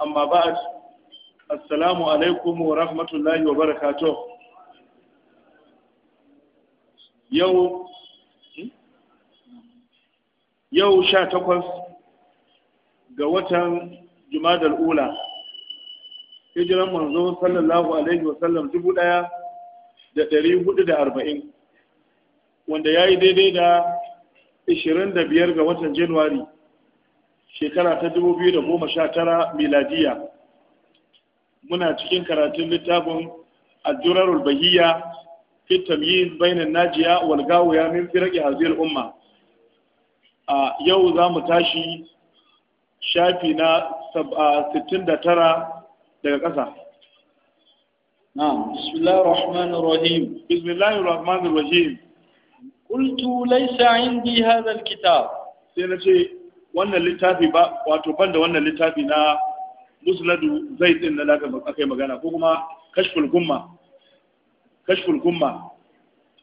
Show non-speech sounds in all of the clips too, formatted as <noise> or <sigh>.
amma ba a assalamu alaikum wa rahmatullahi wa barakatuh yau yau sha takwas ga watan jumadar ula hijiran manzo sallallahu alaihi wa sallam dubu ɗaya da dari hudu da arba'in wanda ya yi daidai da ashirin da biyar ga watan januwari shekara ta 2019 miladiya muna cikin karatun littafin addurar bahiyya fi tamyiz bainan najiya wal gawiya min firqi hazir umma a yau za mu tashi shafi na 69 daga ƙasa na'am bismillahir rahmanir rahim bismillahir rahmanir rahim qultu laysa indi hadha al kitab sai na ce wannan littafi ba wato ban da wannan littafi na musnadu zai din na daga aka magana ko kuma kashful gumma kashful gumma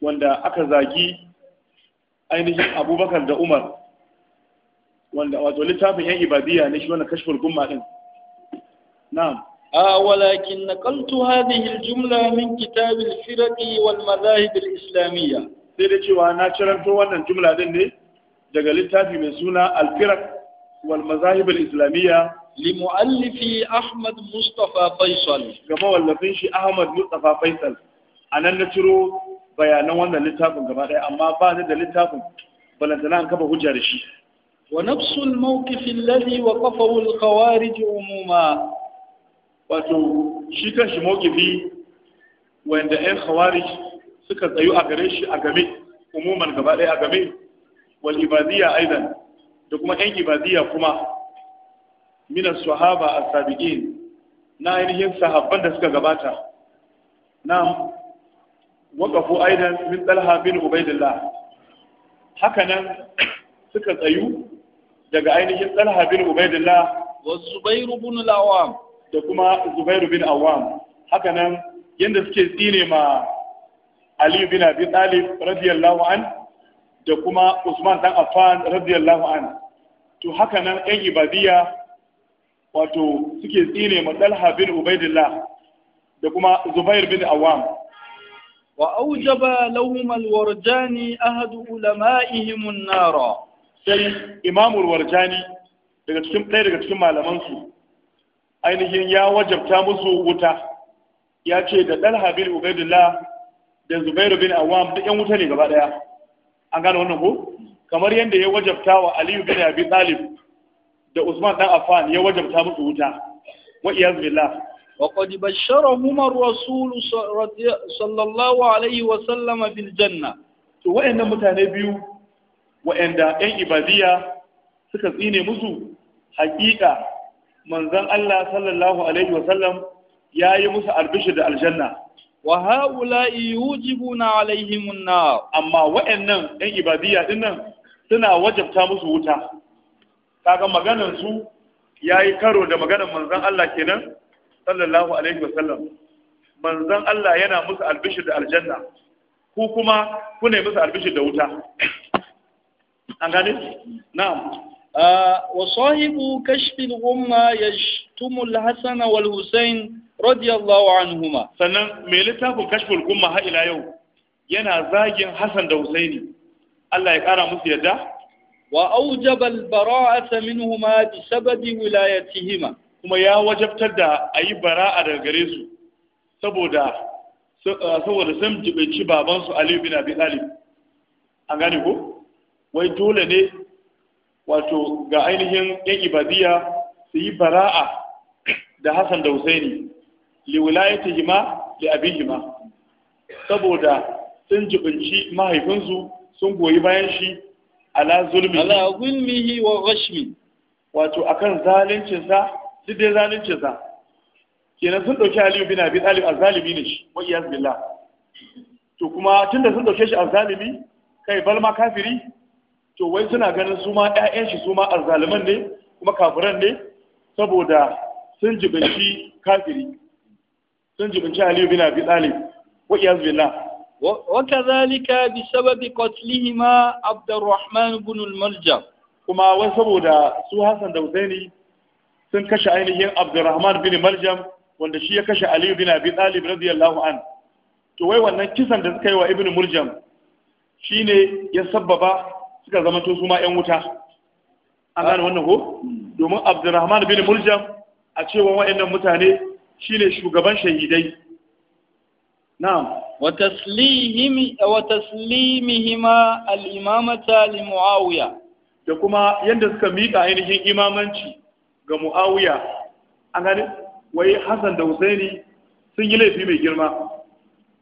wanda aka zagi ainihin abubakar da umar wanda wato littafin yan ibadiyya ne shi wannan kashful gumma din na'am آه min نقلت هذه الجملة من كتاب Sai da cewa na وانا wannan jumla din ne? daga littafi mai suna alfirak wal mazahib al-islamiyya li muallifi ahmad mustafa faisal ga mawallafin shi ahmad mustafa faisal anan na ciro bayanan wannan littafin gaba daya amma ba da littafin balantana an kafa hujja da shi wa nafsul mawqif alladhi waqafahu al-khawarij umuma wato shi shi mawqifi wanda ɗan khawarij suka tsayu a gare shi a game umuman gaba ɗaya a game wal ibadiyya aidan da kuma yan ibadiyya kuma min as-sahaba as na ainihin da suka gabata na waqafu aidan min talha bin ubaidillah haka <coughs> suka tsayu daga ainihin talha bin ubaidillah wa zubairu bin al-awwam da kuma zubairu bin awwam Hakanan yanda suke tsine ma ali bin abi talib radiyallahu anhu da kuma Usman dan Affan radiyallahu anhu to haka nan ɗan ibadiya wato suke tsine ma Talha bin Ubaidillah da kuma Zubair bin Awam wa aujaba lahum alwarjani ahad ulama'ihim an-nara sai Imam warjani daga cikin ɗaya daga cikin malaman su ainihin ya wajabta musu wuta ya ce da Talha bin Ubaidillah da Zubair bin Awam duk ƴan wuta ne gaba ɗaya an gane wannan ko kamar yadda ya wajabta wa aliyu bin abi talib da usman dan affan ya wajabta musu wuta wa iyaz billah wa qad basharahum ar-rasul sallallahu alaihi wa sallam bil janna to wayannan mutane biyu wayanda ɗan ibadiya suka tsine musu hakika manzon Allah sallallahu alaihi wa sallam yi musu albishir da aljanna wa haula yujibuna alaihim nar amma wa'annan ɗan ibadiyya dinnan suna wajabta musu wuta kaga maganan su yayi karo da maganan manzon Allah kenan sallallahu alaihi wasallam manzon Allah yana musu albishir da aljanna ku kuma ne musu albishir da wuta an gane na'am wa sahibu kashfil ghumma yashtumu al-hasan wal husayn radiyallahu anhuma sannan mai littafin kashful gumma ha ila yau yana zagin Hassan da Husaini Allah ya kara musu yadda wa aujaba al-bara'ata minhuma bi sababi wilayatihima kuma ya wajabtar da ayi bara'a daga gare su saboda saboda sun jibanci baban su Ali bin Abi Talib an gane ko wai dole ne wato ga ainihin yan ibadiya su yi bara'a da Hassan da Husaini liwilayatihima li abihima saboda sun jibinci mahaifinsu sun goyi bayan shi ala zulmi ala zulmihi wa ghashmi wato akan zalincin sa duk dai zalincin sa kenan sun dauki Aliyu bin Abi Talib azalimi ne shi wa iyaz billah to kuma tunda sun dauke shi azalimi kai balma kafiri to wai suna ganin su ma ƴaƴan shi su ma azzaliman ne kuma kafiran ne saboda sun jibinci kafiri sun jibinci aliyu bin abi talib wa iyaz billah وكذلك sababi قتلهما عبد الرحمن بن الملجم kuma wai saboda su Hassan da Husaini sun kashe ainihin Abdurrahman bin Maljam wanda shi ya kashe Aliyu bin Abi Talib radiyallahu an to wai wannan kisan da suka yi wa Ibn Muljam shine ya sababa suka zama to su ma ƴan wuta an gane wannan ko hmm. domin Abdurrahman bin Muljam a cewa waɗannan mutane shine shugaban shahidai na'am wa taslihimi wa taslimihima al-imamata li muawiya da kuma yanda suka mika ainihin imamanci ga muawiya an gani wai Hassan da Husaini sun yi laifi mai girma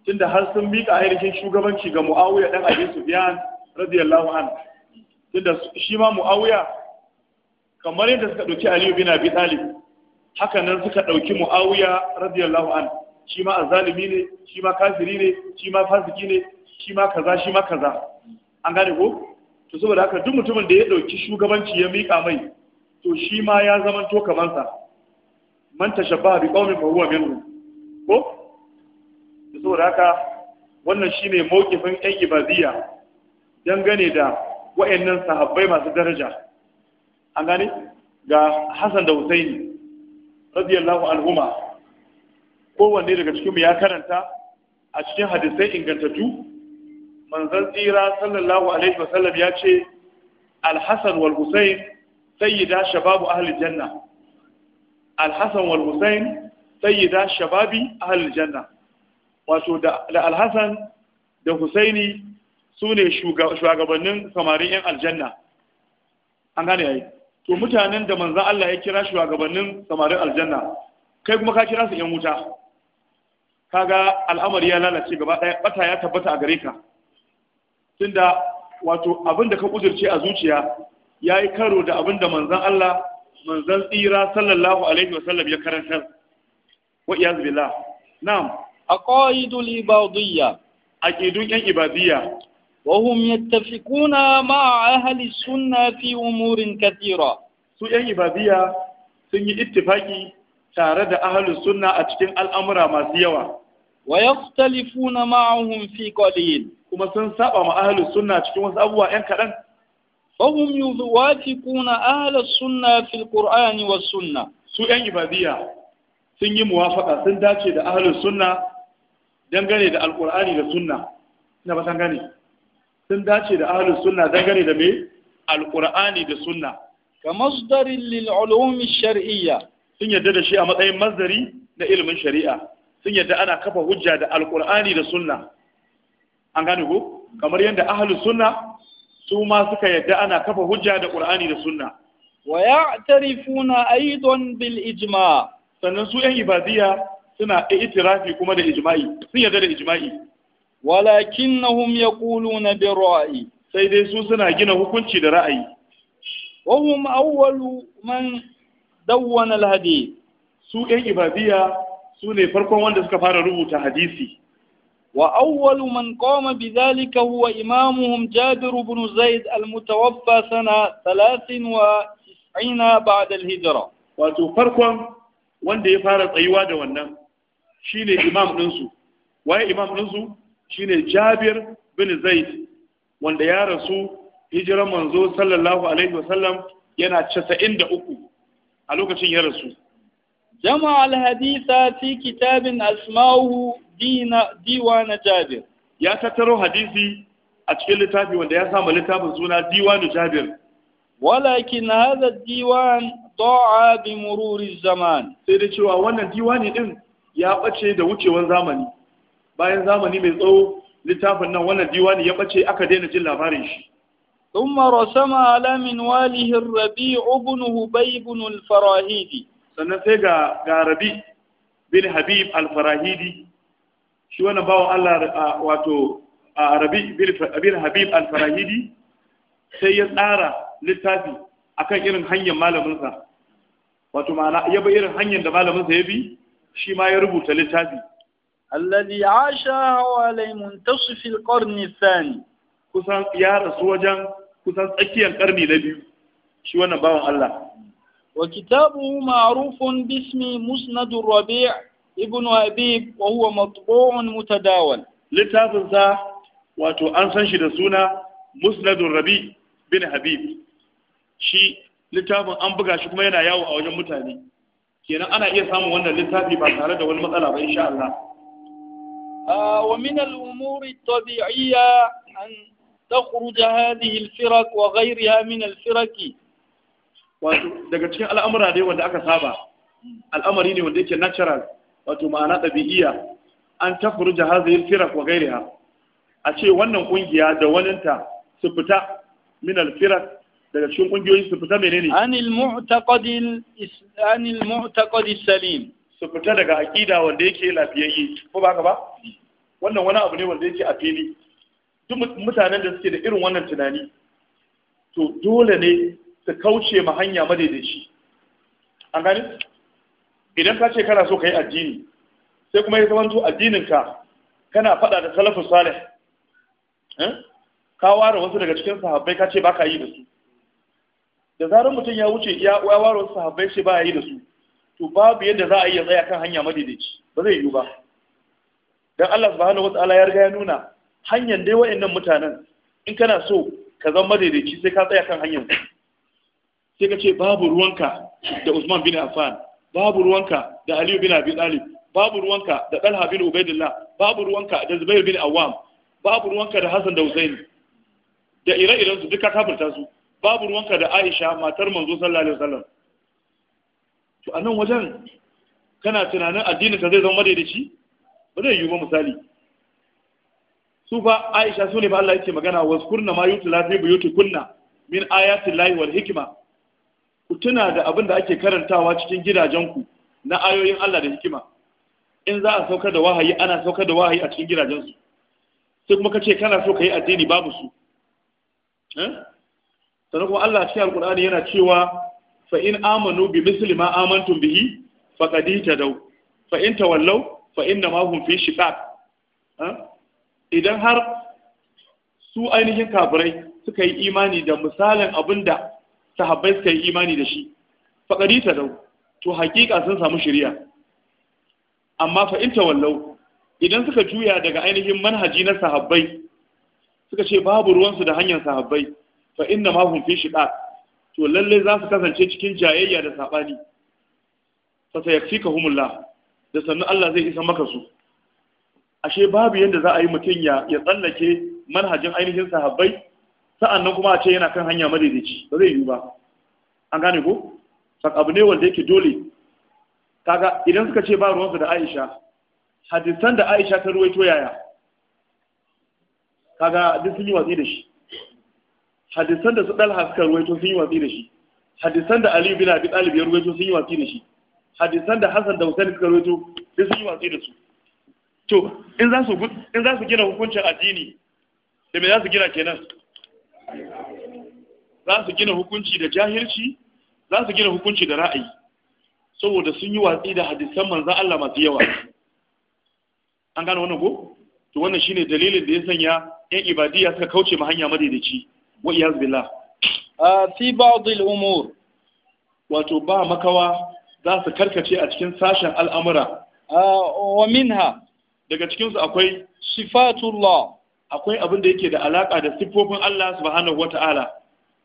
tunda har sun mika ainihin shugabanci ga muawiya dan Abi Sufyan radiyallahu anhu tunda shi ma muawiya kamar yadda suka dauki aliyu bin Abi Talib haka nan suka ɗauki mu'awiya radiyallahu an shi ma azalimi ne shi ma kafiri ne shi ma fasiki ne shi ma kaza shi ma kaza an gane ko to saboda haka duk mutumin da ya ɗauki shugabanci ya miƙa mai to shi ma ya to kamar sa man tashabba bi qaumin fa huwa minhu ko to saboda haka wannan shine mawqifin ɗan ibadiyya dangane da wa'annan sahabbai masu daraja an gane ga Hassan da Husaini radiyallahu anhuma kowanne daga cikinmu ya karanta a cikin hadisai ingantattu manzon tsira sallallahu alaihi wasallam ya ce alhassan wal husain sayyida shababu ahli janna alhassan wal husain sayyida shababi ahli janna wato da alhassan da husaini su ne shugabannin samarin yan aljanna an gane yayi to mutanen da manzan Allah ya kira shugabannin samarin aljanna kai kuma ka kira su yan wuta kaga al'amari ya lalace gaba ɗaya bata ya tabbata a gare ka tunda wato abin da ka kudirce a zuciya yayi karo da abin da manzan Allah manzan tsira sallallahu alaihi wasallam ya karantar wa iyaz billah na'am aqaidul ibadiyya aqidun yan ibadiyya وهم يتفقون مع أهل السنة في أمور كثيرة su ‘yan ibadiyya sun yi ittifaki tare da ahalus sunna a cikin al'amura masu yawa. Wa yaftalifuna ma'ahum fi qalil kuma sun saba ma ahalus sunna cikin wasu abubuwa ‘yan kaɗan. Fahum yuwafiquna ahalus sunna fil Qur'ani was sunna. Su ‘yan ibadiyya sun yi muwafaka sun dace da da Alƙur'ani da gane. sun dace da ahlus sunna dangane da me alqur'ani da sunna ka masdarin lil ulum shar'iyya sun yadda da shi a matsayin masdari na ilimin shari'a sun yadda ana kafa hujja da alqur'ani da sunna an gane ko kamar yadda ahlus sunna su ma suka yadda ana kafa hujja da qur'ani da sunna wa ya'tarifuna aidan bil ijma' sannan su yan ibadiyya suna itirafi kuma da ijma'i sun yadda da ijma'i Walakin na walakinnahum yaquluna bi ra'yi sai dai su suna gina hukunci da ra'ayi wa hum awwalu man dawwana al su ɗan ibabiya su ne farkon wanda suka fara rubuta hadisi wa awwalu man qama bi dhalika huwa imamuhum Jabir ibn Zaid al-mutawaffa sana 93 ba'da al-hijra wato farkon wanda ya fara tsayuwa da wannan shine imam din su. waye imam din su? shine Jabir bin Zaid wanda ya rasu hijiran manzo sallallahu alaihi wasallam yana 93 a lokacin ya rasu jama'a alhadisa fi kitabin asma'uhu dina diwan Jabir ya tattaro hadisi a cikin littafi wanda ya samu littafin suna diwan Jabir walakin hadha diwan da'a bi mururi zaman sai da cewa wannan diwani din ya bace da wucewar zamani bayan zamani mai tsawo littafin nan wannan diwani ya bace aka daina jin labarin shi ثم رسم على منواله الربيع بن هبيب farahidi. sannan sai ga ga rabi bin habib al-farahidi shi wannan bawan Allah wato rabi bin habib al-farahidi sai ya tsara littafi akan irin hanyar malaminsa wato ma'ana ya bi irin hanyar da malaminsa ya bi shi ma ya rubuta littafi الذي عاش على منتصف القرن الثاني kusan ya rasu wajen kusan tsakiyar karni na biyu shi wannan bawan Allah wa kitabuhu ma'rufun bismi musnad rabi' ibn habib wa huwa matbu'un mutadawal littafin sa wato an san shi da suna musnad rabi' bin habib shi littafin an buga shi kuma yana yawo a wajen mutane kenan ana iya samun wannan littafi ba tare da wani matsala ba insha Allah ومن الأمور الطبيعية أن تخرج هذه الفرق وغيرها من الفرق daga cikin al'amura ne wanda aka saba al'amari ne wanda yake natural wato ma'ana ɗabi'iya. an tafuruja hazayil firak wa gairiha a ce wannan ƙungiya da waninta su fita min alfirak daga cikin kungiyoyin su fita menene anil mu'taqadil anil mu'taqadis salim su fita daga aƙida wanda yake lafiyayye ko ba ka ba wannan wani abu ne wanda yake a fili duk mutanen da suke da irin wannan tunani to dole ne su kauce ma hanya madaidaici an gani idan ka ce kana so ka yi addini sai kuma ya zamanto addininka kana faɗa da salafin salih eh? ka ware wasu daga cikin sahabbai ka ce ba ka yi da su da zarar mutum ya wuce ya ware wasu sahabbai ce ba ya yi da su to babu yadda za a iya tsaya kan hanya madaidaici ba zai yiwu ba dan Allah subhanahu wataala ya riga ya nuna hanyar dai wayannan mutanen in kana so ka zama madaidaici sai ka tsaya kan hanyar sai ka ce babu ruwanka da Usman bin Affan babu ruwanka da Aliyu bin Abi Talib babu ruwanka da Talha bin Ubaidillah babu ruwanka da Zubair bin Awwam babu ruwanka da Hassan da Hussein da ire-iren su duka kafirta su babu ruwanka da Aisha matar manzo sallallahu alaihi wasallam to a nan wajen kana tunanin addinin ka zai zama shi? ba zai yiwu ba misali su fa aisha su ne ba Allah yake magana waskurna ma bi yutu kunna min ayati llahi wal hikma ku tuna da abin da ake karantawa cikin gidajenku na ayoyin Allah da hikima in za a saukar da wahayi ana saukar da wahayi a cikin gidajensu sai kuma kace kana so ka yi addini babu su eh? sannan kuma Allah cikin alkur'ani yana cewa fa in amanu bi misli ma amantum bihi faqad ihtadaw fa in tawallaw fa inna ma hum fi shiqaq idan har su ainihin kafirai suka yi imani da misalin abinda sahabbai suka yi imani da shi ta dau. to hakika sun samu shari'a amma fa in tawallaw idan suka juya daga ainihin manhaji na sahabbai suka ce babu ruwansu da hanyar sahabbai fa inna ma hum fi shiqaq to lallai za su kasance cikin jayayya da saɓani. sabani ka humula, da sannu Allah zai isa maka su ashe babu yadda za a yi mutum ya ya tsallake manhajin ainihin sahabbai sa'annan kuma a ce yana kan hanya madaidaici ba zai yi ba an gane ko sak abu ne wanda yake dole kaga idan suka ce ba ruwansu da Aisha hadisan da Aisha ta ruwaito yaya kaga duk sun yi watsi da shi hadisan da su dalha suka ruwaito sun yi watsi da shi hadisan da aliyu bin abi talib ya ruwaito sun yi watsi da shi hadisan da hassan da hussein suka ruwaito duk sun yi watsi da su to in za su in za su gina hukuncin addini da me za su gina kenan za su gina hukunci da jahilci za su gina hukunci da ra'ayi saboda sun yi watsi da hadisan manzan Allah masu yawa an gano wannan ko to wannan shine dalilin da ya sanya yan ibadiyya suka kauce ma hanya madaidaici wa iyaz billah fi ba'd al-umur wato ba makawa za su karkace a cikin sashen al'amura wa minha daga cikinsu su akwai sifatullah akwai abin da yake da alaka da sifofin Allah subhanahu wata'ala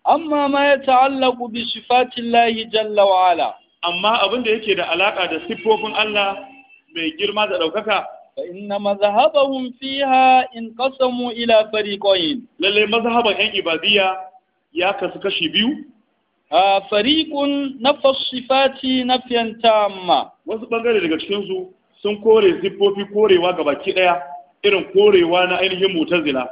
amma ma ya ta'allaqu bi sifatillahi jalla wa ala amma abin da yake da alaka da siffofin Allah mai girma da ɗaukaka? فإن مذهبهم فيها انقسموا إلى فريقين للي مذهب هن إبادية يا كسكشي بيو آه فريق نفى الصفات نفيا تاما wasu ɓangare daga cikinsu sun kore siffofi korewa ga baki ɗaya irin korewa na ainihin mutazila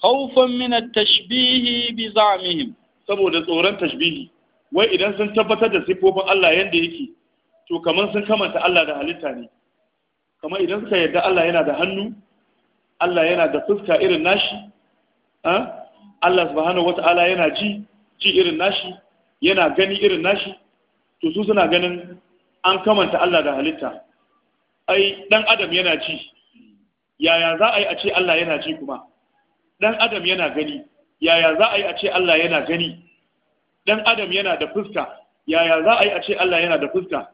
khawfan min at-tashbih bi za'mihim saboda tsoron tashbihi wai idan sun tabbatar da siffofin Allah yanda yake to kaman sun kamanta Allah da halitta ne kamar idan suka yarda Allah yana da hannu Allah yana da fuska irin nashi ah, Allah subhanahu wata'ala yana ji ji irin nashi yana gani irin nashi to su suna ganin an kamanta Allah da halitta ai dan adam yana ji, yaya za a yi a ce Allah yana ji kuma dan adam yana gani yaya za a yi a ce Allah yana gani dan adam yana da fuska yaya za a yi a ce Allah yana da fuska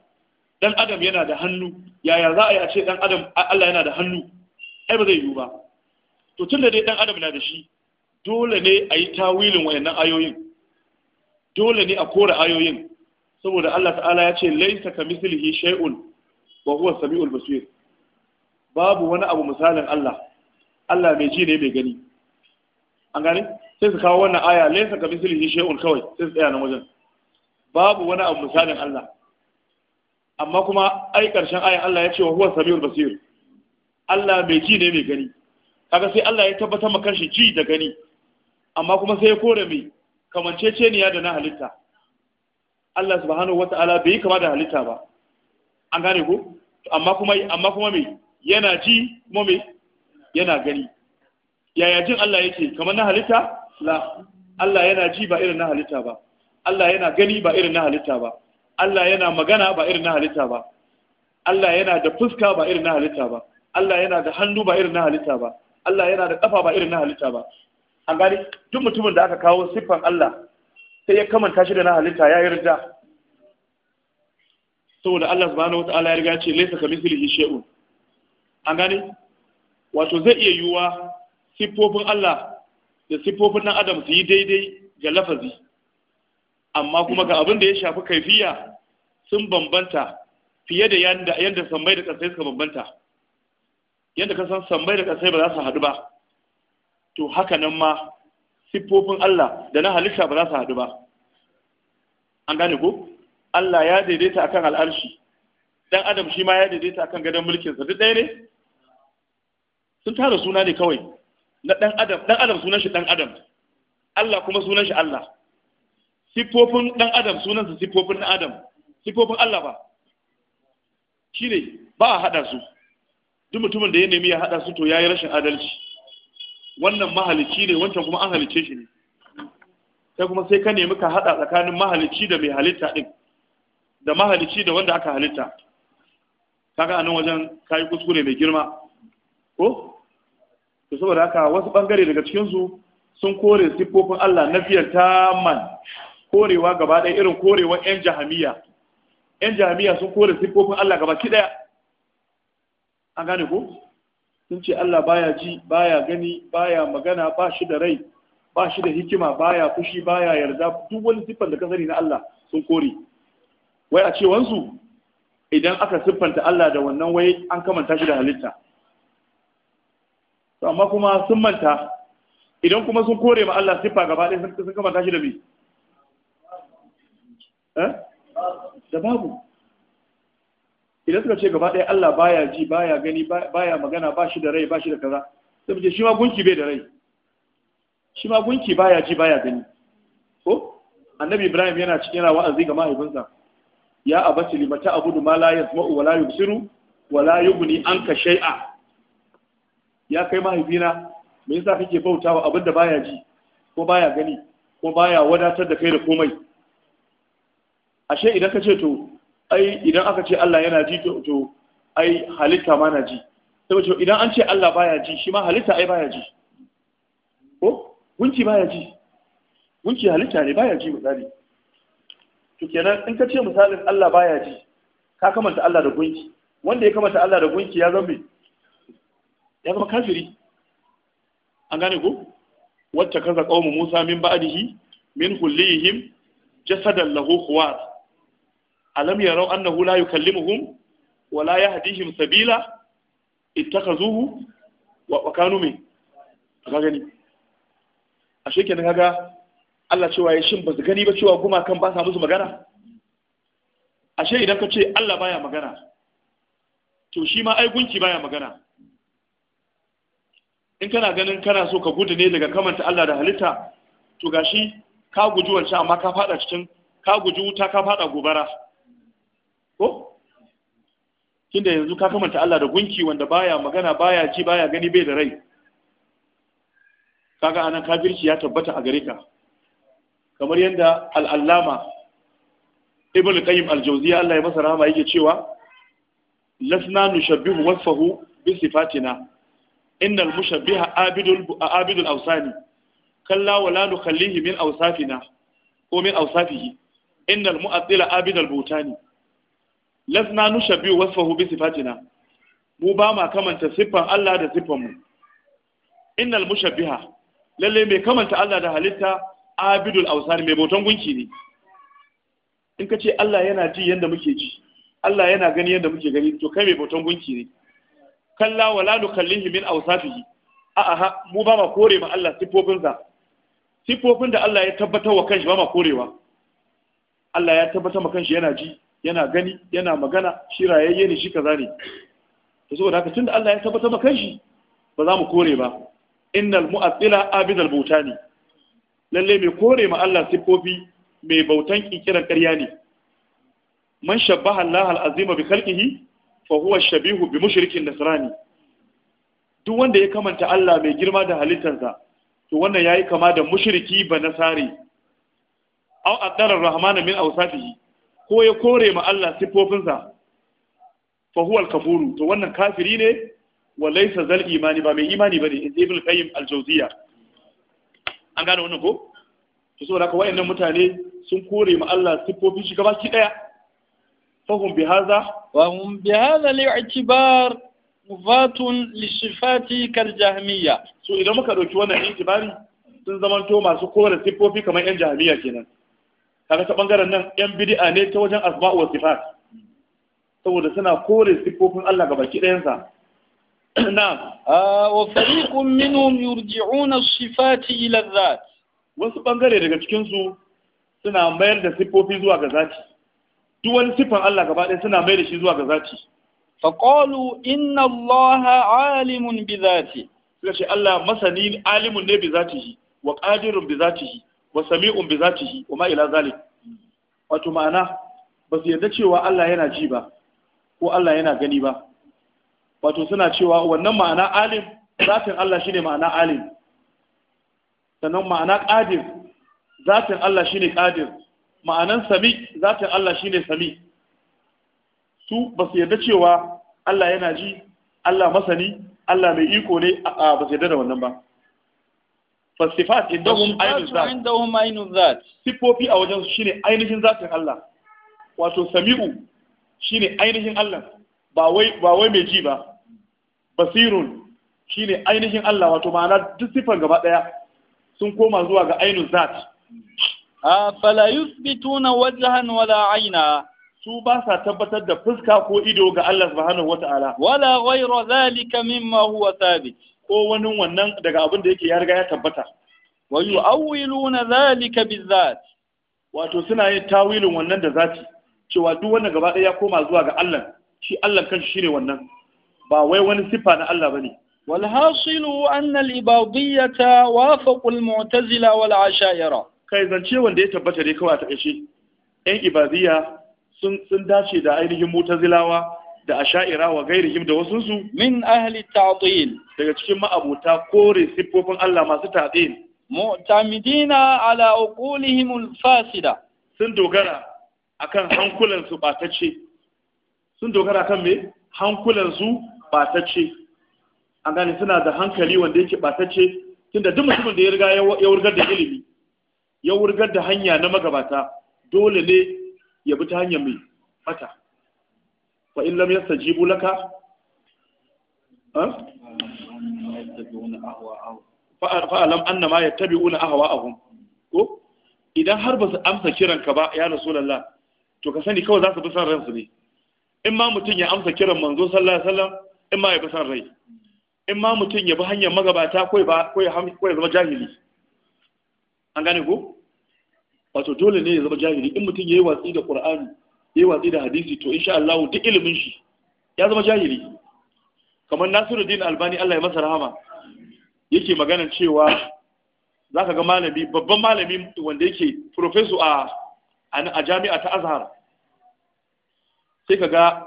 dan adam yana da hannu yaya za a yi a ce dan adam Allah yana da hannu ai ba zai yiwu ba to tun da dai dan adam na da shi dole ne a yi tawilin wayannan ayoyin dole ne a kore ayoyin saboda Allah ta'ala ya ce laisa ka mislihi shay'un wa huwa samiul basir babu wani abu misalin Allah Allah mai ji ne mai gani an gane sai su kawo wannan aya laisa ka mislihi shay'un kawai sai su tsaya nan wajen babu wani abu misalin Allah amma kuma ai karshen ayan Allah ya ce wa huwa samiul basir Allah mai ji ne mai gani kaga sai Allah ya tabbatar maka shi ji da gani amma kuma sai ya kore mai kamanceceniya da na halitta Allah subhanahu wata'ala bai yi kama da halitta ba an gane ko amma kuma amma kuma mai yana ji kuma mai yana gani yaya jin Allah yake kamar na halitta la Allah yana ji ba irin na halitta ba Allah yana gani ba irin na halitta ba Allah yana magana ba irin na halitta ba Allah yana da fuska ba irin na halitta ba Allah yana da hannu ba irin na halitta ba Allah yana da kafa ba irin na halitta ba an gani duk mutumin da aka kawo siffan Allah sai ya kamanta shi da na halitta ya yi rida saboda Allah subhanahu wata'ala ya riga ce laisa kamithlihi shay'un an gani wato zai iya yiwuwa siffofin Allah da siffofin dan adam su yi daidai ga lafazi amma kuma ga abin da ya shafi kaifiya sun bambanta fiye da yadda sammai da kasai suka bambanta yadda ka san sammai da kasai ba za su haɗu ba to haka nan ma siffofin Allah da na halitta ba za su haɗu ba an gane ko Allah ya daidaita akan al'arshi dan adam shi ma ya daidaita akan gadon mulkin sa, duk ɗaya ne sun tara suna ne kawai na dan adam dan adam sunan shi dan adam Allah kuma sunan shi Allah siffofin ɗan adam sunansa siffofin ɗan adam siffofin Allah ba shi ne ba a haɗa su duk mutumin da ya nemi ya haɗa su to ya yi rashin adalci wannan mahalicci ne wancan kuma an halicce shi ne sai kuma sai ka nemi ka haɗa tsakanin mahalicci da mai halitta ɗin da mahalicci da wanda aka halitta kaga a nan wajen ka yi kuskure mai girma ko to saboda haka wasu ɓangare daga cikinsu sun kore siffofin Allah na biyar man. korewa gaba ɗaya irin korewa 'yan jahamiya 'yan jahamiya sun kore siffofin Allah gaba ki ɗaya an gane ko sun ce Allah baya ji baya gani baya magana ba shi da rai ba shi da hikima baya fushi baya yarda duk wani siffar da ka sani na Allah sun kore wai a ce wansu idan aka siffanta Allah da wannan wai an kamanta shi da halitta amma kuma sun manta idan kuma sun kore ma Allah siffa gaba ɗaya sun kamanta shi da me Eh? da babu idan suka ce gaba ɗaya Allah baya ji baya gani baya magana ba shi da rai ba shi da kaza sai mu ce shi ma gunki bai da rai shi ma gunki baya ji baya gani ko annabi Ibrahim yana cikin yana wa'azi ga mahaifinsa ya abati limata abudu ma la yasma'u wa la yubsiru wa la yughni anka shay'a ya kai mahaifina me yasa kake bautawa abin da baya ji ko baya gani ko baya wadatar da kai da komai ashe idan ka ce to ai idan aka ce Allah yana ji to to ai halitta ma na ji saboda idan an ce Allah baya ji shi ma halitta ai baya ji ko gunki baya ji gunki halitta ne baya ji misali to kenan in ka ce misalin Allah baya ji ka kamanta Allah da gunki wanda ya kamanta Allah da gunki ya zama ya zama kafiri an gane ko wacce kaza qaumu Musa min ba'dihi min kullihim jasadan lahu khuwar alam yarau annahu la yukallimuhum wa la yahdihim sabila ittakhazuhu wa kanu min gani. gani ashe kenan kaga Allah cewa ya shin ba su gani ba cewa gumakan ba sa musu magana ashe idan ka ce Allah baya magana to shi ma ai gunki baya magana in kana ganin kana so ka gudu ne daga kamanta Allah da halitta to gashi ka guji wancan amma ka fada cikin ka guji wuta ka fada gobara ko tunda yanzu ka kamanta Allah da gunki wanda baya magana baya ci baya gani bai da rai kaga anan kafirci ya tabbata a gare ka kamar yadda al'allama ibn qayyim al-jawziya Allah ya masa rahama yake cewa lasna nushabbihu wasfahu bi sifatina innal mushabbiha abidul abidul awsani kalla wala nukhallihi min awsafina ko min awsafihi innal mu'attila abidul butani lasna nushabbihu wasfahu bi sifatina mu ba ma kamanta siffan Allah da siffan mu innal mushabbiha lalle mai kamanta Allah da halitta abidul awsar mai bautan gunki ne in ka ce Allah yana ji yanda muke ji Allah yana gani yanda muke gani to kai mai bautan gunki ne kalla wala nukallihi min awsafihi a'a mu ba ma kore ma Allah siffofinsa siffofin da Allah ya tabbatar wa kanshi ba ma korewa Allah ya tabbatar ma kanshi yana ji yana gani yana magana shi rayayye ne shi kaza ne to saboda haka tunda Allah ya tabbatar da shi ba za mu kore ba innal mu'attila abidal bautani lalle mai kore ma Allah sifofi mai bautan kikiran ƙarya ne man shabbaha Allah al-azima bi khalqihi fa huwa shabihu bi mushrikin nasrani duk wanda ya kamanta Allah mai girma da halittarsa to wannan yayi kama da mushriki ba nasari aw aqdara rahmana min awsafihi ko ya kore ma Allah siffofinsa fa huwa al-kafuru to wannan kafiri ne wa laysa zal imani ba mai imani bane in ibn qayyim al-jawziya an gane wannan ko to saboda haka wayannan mutane sun kore ma Allah siffofin shi ki daya fa hum bi hadha wa hum bi hadha li'tibar mufatun li sifati kal jahmiya so idan muka dauki wannan itibari sun zamanto masu kore siffofi kamar yan jahmiya kenan kaga ta bangaren nan yan bid'a ne ta wajen asma'u wa sifat saboda suna kore sifofin Allah ga baki ɗayan sa na wa fariqun minhum yurji'una as sifat ila adh-dhat wasu bangare daga cikin su suna mayar da sifofi zuwa ga zati duk wani sifan Allah gaba ɗaya suna mayar da shi zuwa ga zati faqalu inna Allaha alimun bi dhati sai Allah masani alimun ne bi zatihi wa qadirun bi zatihi wa sami'un bi zatihi wa ma ila zalik wato ma'ana ba su yarda cewa Allah yana ji ba ko Allah yana gani ba wato suna cewa wannan ma'ana alim zatin Allah shine ma'ana alim sannan ma'ana qadir zatin Allah shine qadir ma'anan sami zatin Allah shine sami su ba su yarda cewa Allah yana ji Allah masani Allah mai iko ne ba su yarda da wannan ba fasifat indahum ainul zat zat sifofi a wajen su shine ainihin zatin Allah wato sami'u shine ainihin Allah ba wai ba ji ba basirun shine ainihin Allah wato ma'ana duk sifan gaba daya sun koma zuwa ga ainul zat a fala yuthbituna aina su ba sa tabbatar da fuska ko ido ga Allah subhanahu wata'ala wala ghayra zalika mimma huwa thabit ko wani wannan daga abin da yake ya riga ya tabbata wa yu'awwiluna zalika bizat wato suna yin tawilin wannan da zati cewa duk wannan gaba ɗaya ya koma zuwa ga Allah shi Allah shi ne wannan ba wai wani sifa na Allah bane wal hasilu anna al ibadiyyata wafaqu al mu'tazila wal asha'ira kai zance wanda ya tabbata dai kawai ta takaice yan ibadiyya sun sun dace da ainihin mu'tazilawa da asha'ira wa gairihim da wasunsu min ahli ta'til daga cikin ma'abuta kore siffofin Allah masu ta'til mu'tamidina ala uqulihim al-fasida sun dogara akan hankulan su batacce sun dogara kan me hankulan su batacce an gane suna da hankali wanda yake batacce tunda duk mutumin da ya riga ya wurgar da ilimi ya wurgar da hanya na magabata dole ne ya bi ta hanyar mai fata wa in lam yastajibu laka fa'alam anna ma yattabi'una ahwa'ahum ko idan har ba su amsa kiranka ba ya rasulullah to ka sani kawai za su bi son ransu ne in ma mutum ya amsa kiran manzo sallallahu alaihi wasallam in ma ya bi son rai in ma mutum ya bi hanyar magabata ko ba ko ya ko ya zama jahili an gane ko wato dole ne ya zama jahili in mutum yayi watsi da qur'ani yi watsi da hadisi to insha Allah duk ilimin shi ya zama jahili kamar Nasiruddin Albani Allah ya masa rahama yake magana cewa zaka ga malami babban malami wanda yake professor a a jami'a ta Azhar sai ka ga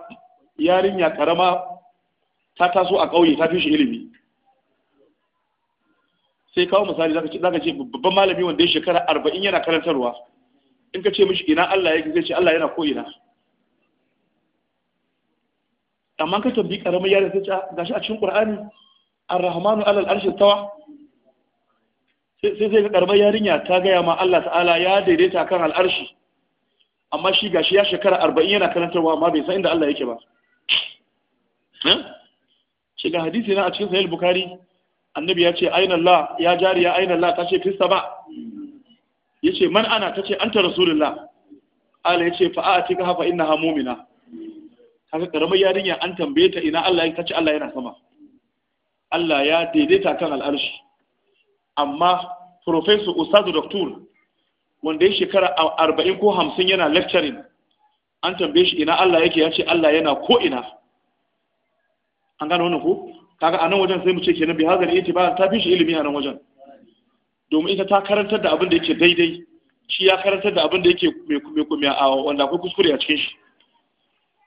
yarinya karama ta taso a ƙauye ta fi shi ilimi sai kawo misali zaka ce babban malami wanda ya shekara arba'in yana karantarwa in ka ce mishi ina Allah yake zai ce Allah yana ko ina amma ka tambayi karamin yare sai ta ah, gashi a cikin Qur'ani Ar-Rahmanu 'alal arshi tawa sai sai ga karamar yarinya ta gaya ma Allah ta'ala ya daidaita kan al'arshi amma shi gashi ya shekara arba'in yana karantarwa amma bai san inda Allah yake ba ce eh? ga hadisi na a cikin sahih bukhari annabi ya ce aina Allah ya jariya aina Allah ta ce fista ba Ya yace man ana an ta rasulullah Allah ce fa atika hafa innaha mu'mina kaga karamar yarinya an tambaye ta ina Allah ya ce Allah yana sama Allah ya daidaita kan al'arshi amma professor ustadu doctor wanda ya shekara arba'in ko hamsin yana lecturing an tambaye shi ina Allah yake ya ce Allah yana ko ina an gano wannan ko kaga nan wajen sai mu ce kenan bi hazal ba ta fi shi ilimi a nan wajen domin ita ta karantar da abin da yake daidai shi ya karantar da abin da yake mai kome a wanda akwai kuskure a cikin shi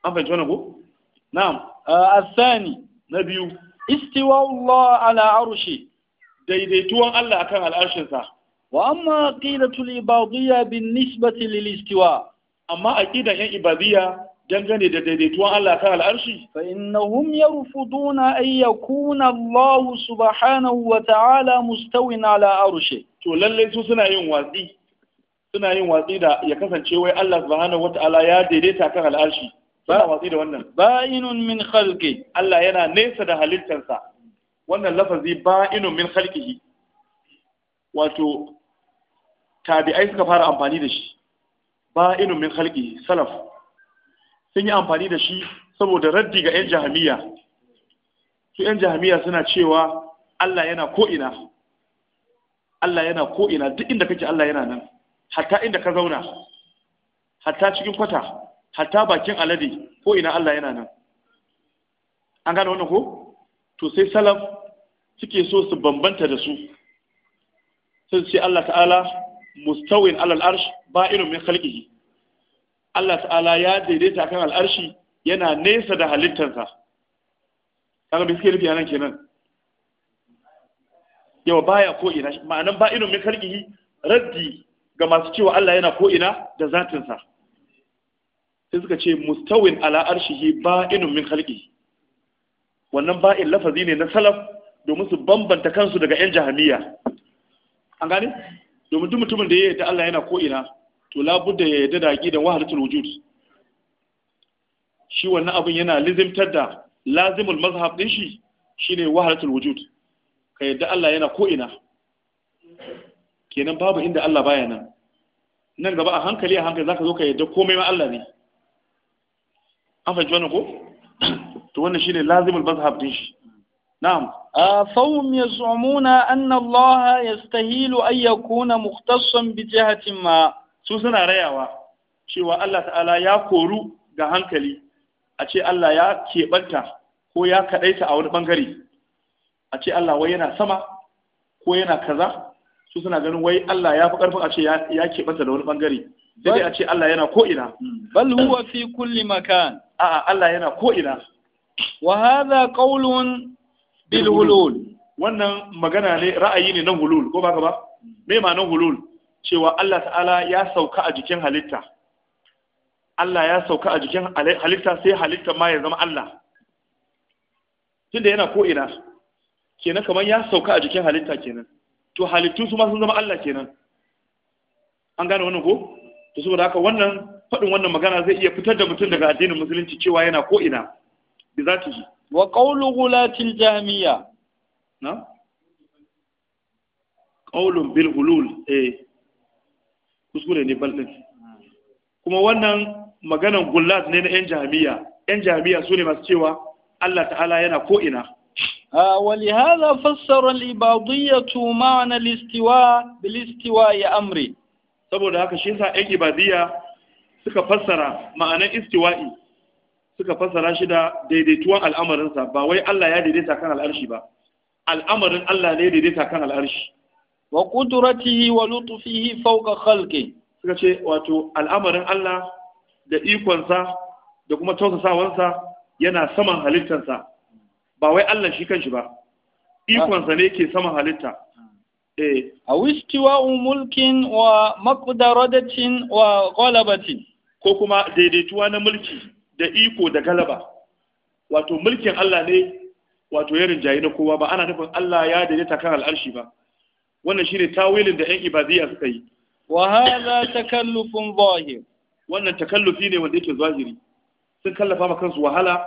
an fahimci wannan ko na'am asani na biyu istiwa Allah ala arshi daidaituwan Allah akan al'arshin sa wa amma qilatu al-ibadiyya bin nisbati lil istiwa amma aqidan yan ibadiyya dangane da daidaituwan Allah kan al'arshi? Fa innahum yarfuduna an yakuna Allah subhanahu wa ta'ala mustawin ala arshe. To lalle su suna yin watsi suna yin watsi da ya kasance wai Allah subhanahu wa ta'ala ya daidaita kan al'arshi. Ba watsi da wannan. Ba'inun min khalqi. Allah yana nesa da halittarsa. Wannan lafazi ba'inun min khalqihi. Wato tabi'ai suka fara amfani da shi. Ba'inun min khalqihi salaf. sun yi amfani da shi saboda raddi ga 'yan jahamiya su 'yan jahamiya suna cewa Allah yana ko'ina Allah yana ko'ina duk inda kake Allah yana nan hatta inda ka zauna hatta cikin kwata hatta bakin alade ko'ina Allah yana nan an gane wannan ko to sai salaf suke so su bambanta da su sun ce Allah ta'ala mustawin alal arsh ba irin min khalqihi Allah ta'ala ya daidaita kan al'arshi yana nesa da halittarsa kaga biske rufi nan kenan yawa baya ko ina ma'anan ba inu min karkihi raddi ga masu cewa Allah yana ko ina da zatinsa sai suka ce mustawin ala arshihi ba inu min khalqi wannan ba'in lafazi ne na salaf domin su bambanta kansu daga yan jahaniya. an gane domin duk mutumin da ya yi ta Allah yana ko ina to labudda ya yadda da aqidan wahdatul wujud shi wannan abin yana lizimtar da lazimul mazhab din shi shine wahdatul wujud ka yadda Allah yana ko ina kenan babu inda Allah baya nan nan gaba a hankali a hankali zaka zo ka yadda komai ma Allah ne an fahimci wannan ko <coughs> to wannan shine lazimul mazhab din shi na'am فهم يزعمون أن الله يستهيل أن يكون مختصا بجهة ما su suna rayawa cewa Allah ta'ala ya koru ga hankali a ce Allah ya keɓanta ko ya kaɗaita a wani ɓangare a ce Allah wai yana sama ko yana kaza su suna ganin wai Allah ya fi ƙarfin a ce ya keɓanta da wani ɓangare dai a ce Allah yana ko'ina bal huwa fi kulli makan a'a Allah yana ko'ina wa hadha qawlun bil hulul wannan magana ne ra'ayi ne nan hulul ko baka ba me ma nan hulul cewa Allah ta'ala ya sauka a jikin halitta Allah ya sauka a jikin halitta sai halitta ma ya zama Allah tunda yana ko ina kenan kamar ya sauka a jikin halitta kenan to halittu su ma sun zama Allah kenan an gane wannan ko to saboda haka wannan faɗin wannan magana zai iya fitar da mutum daga addinin musulunci cewa yana ko ina bi yi. wa qawlu gulatil jami'a na qawlun bil hulul eh kuskure ne bal kuma wannan maganan gullat ne na yan jami'a yan jami'a sune masu cewa Allah ta'ala yana ko ina ولهذا فسر الإباضية معنى الاستواء بالاستواء أمري saboda haka shi yasa ƴan ibadiyya suka fassara ma'anar istiwa'i suka fassara shi da daidaituwan al'amarinsa ba wai Allah ya daidaita kan al'arshi ba al'amarin Allah ne daidaita kan al'arshi wa qudratihi wa lutufihi fauka khalqi suka ce wato al'amarin Allah da ikonsa da kuma tausasawansa yana saman halittarsa ba wai Allah shi kanshi ba ikonsa ne ke saman halitta eh. a wistiwa mulkin wa maqdaratin wa galabatin ko kuma daidaituwa na mulki da iko da galaba wato mulkin Allah ne wato ya jayi na kowa ba ana nufin Allah ya daidaita kan al'arshi ba wannan shine tawilin da ɗan ibadiyya suka yi wa hadha takallufun zahir wannan takallufi ne wanda yake zahiri sun kallafa ma kansu wahala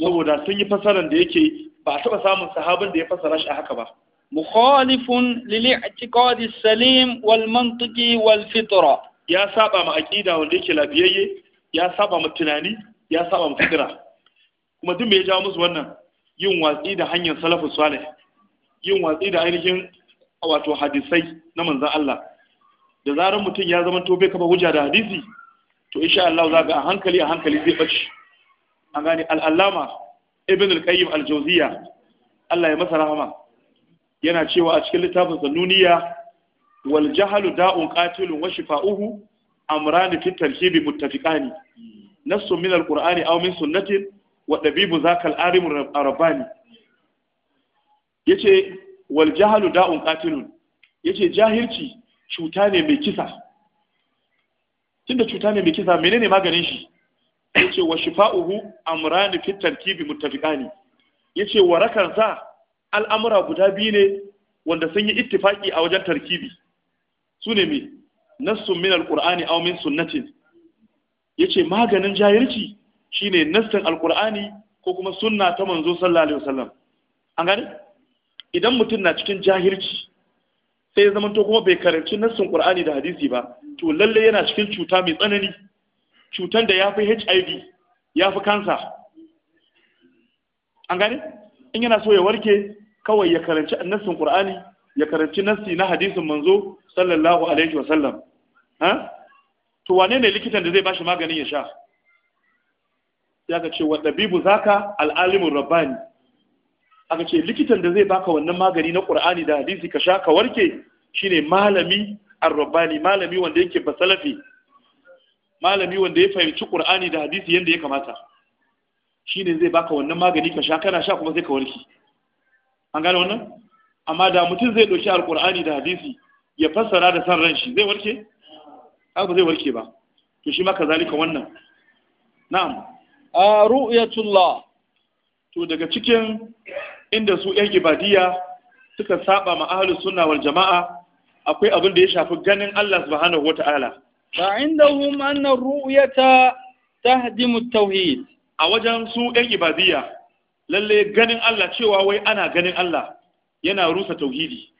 saboda sun yi fasaran da yake ba a taba samun sahabin da ya fasara shi a haka ba mukhalifun lil i'tiqad salim wal mantiqi wal fitra ya saba ma aqida wanda yake lafiyayye ya saba ma tunani ya saba ma fitra kuma duk me ya jawo musu wannan yin watsi da hanyar salafus salih yin watsi da ainihin wato hadisai na manzan Allah da zarar mutum ya zama tobe kafa hujja da hadisi to insha Allah za ga a hankali a hankali zai bace an gane al'allama ibn al-qayyim al-jawziya Allah ya masa rahama yana cewa a cikin littafin sanuniya wal jahalu da'un qatilun wa shifa'uhu amran fi tarhib muttafiqani nassu min al-qur'ani aw min sunnati wa dabibu zakal arimur rabbani yace wal jahalu da'un qatilun yace jahilci cuta ne mai kisa tunda cuta ne mai kisa menene maganin shi yace wa shifa'uhu amran fi tarkibi muttafiqani yace warakan sa al'amura guda biyu ne wanda sun yi ittifaki a wajen tarkibi su ne mai nassun min alqur'ani aw min sunnatin yace maganin jahilci shine nassin alqur'ani ko kuma sunna ta manzo sallallahu alaihi wasallam an gane idan mutum na cikin jahilci sai ya zama kuma bai karanci nassin Qur'ani da hadisi ba to lalle yana cikin cuta mai tsanani cutan da ya fi HIV ya fi kansa an gane in yana so ya warke kawai ya karanci nassin Qur'ani ya karanci nassi na hadisin manzo sallallahu alaihi wasallam ha to wane ne likitan da zai bashi maganin ya sha ya ga ce wa dabibu zaka al-alimur rabbani aka ce likitan da zai baka wannan magani na qur'ani da hadisi ka sha ka warke shine malami ar-rabbani malami wanda yake basalafi malami wanda ya fahimci qur'ani da hadisi yanda ya kamata shine zai baka wannan magani ka sha kana sha kuma sai ka warke an gane wannan amma da mutum zai ɗauki alkur'ani da hadisi ya fassara da san ranshi zai warke ba zai warke ba to shi maka zalika wannan na'am a ru'yatullah to daga cikin inda su yan ibadiya suka saba ma ahlus sunna wal jama'a akwai abin da ya shafi ganin Allah subhanahu wata'ala fa indahum anna a wajen su yan ibadiya lalle ganin Allah cewa wai ana ganin Allah yana rusa tauhidi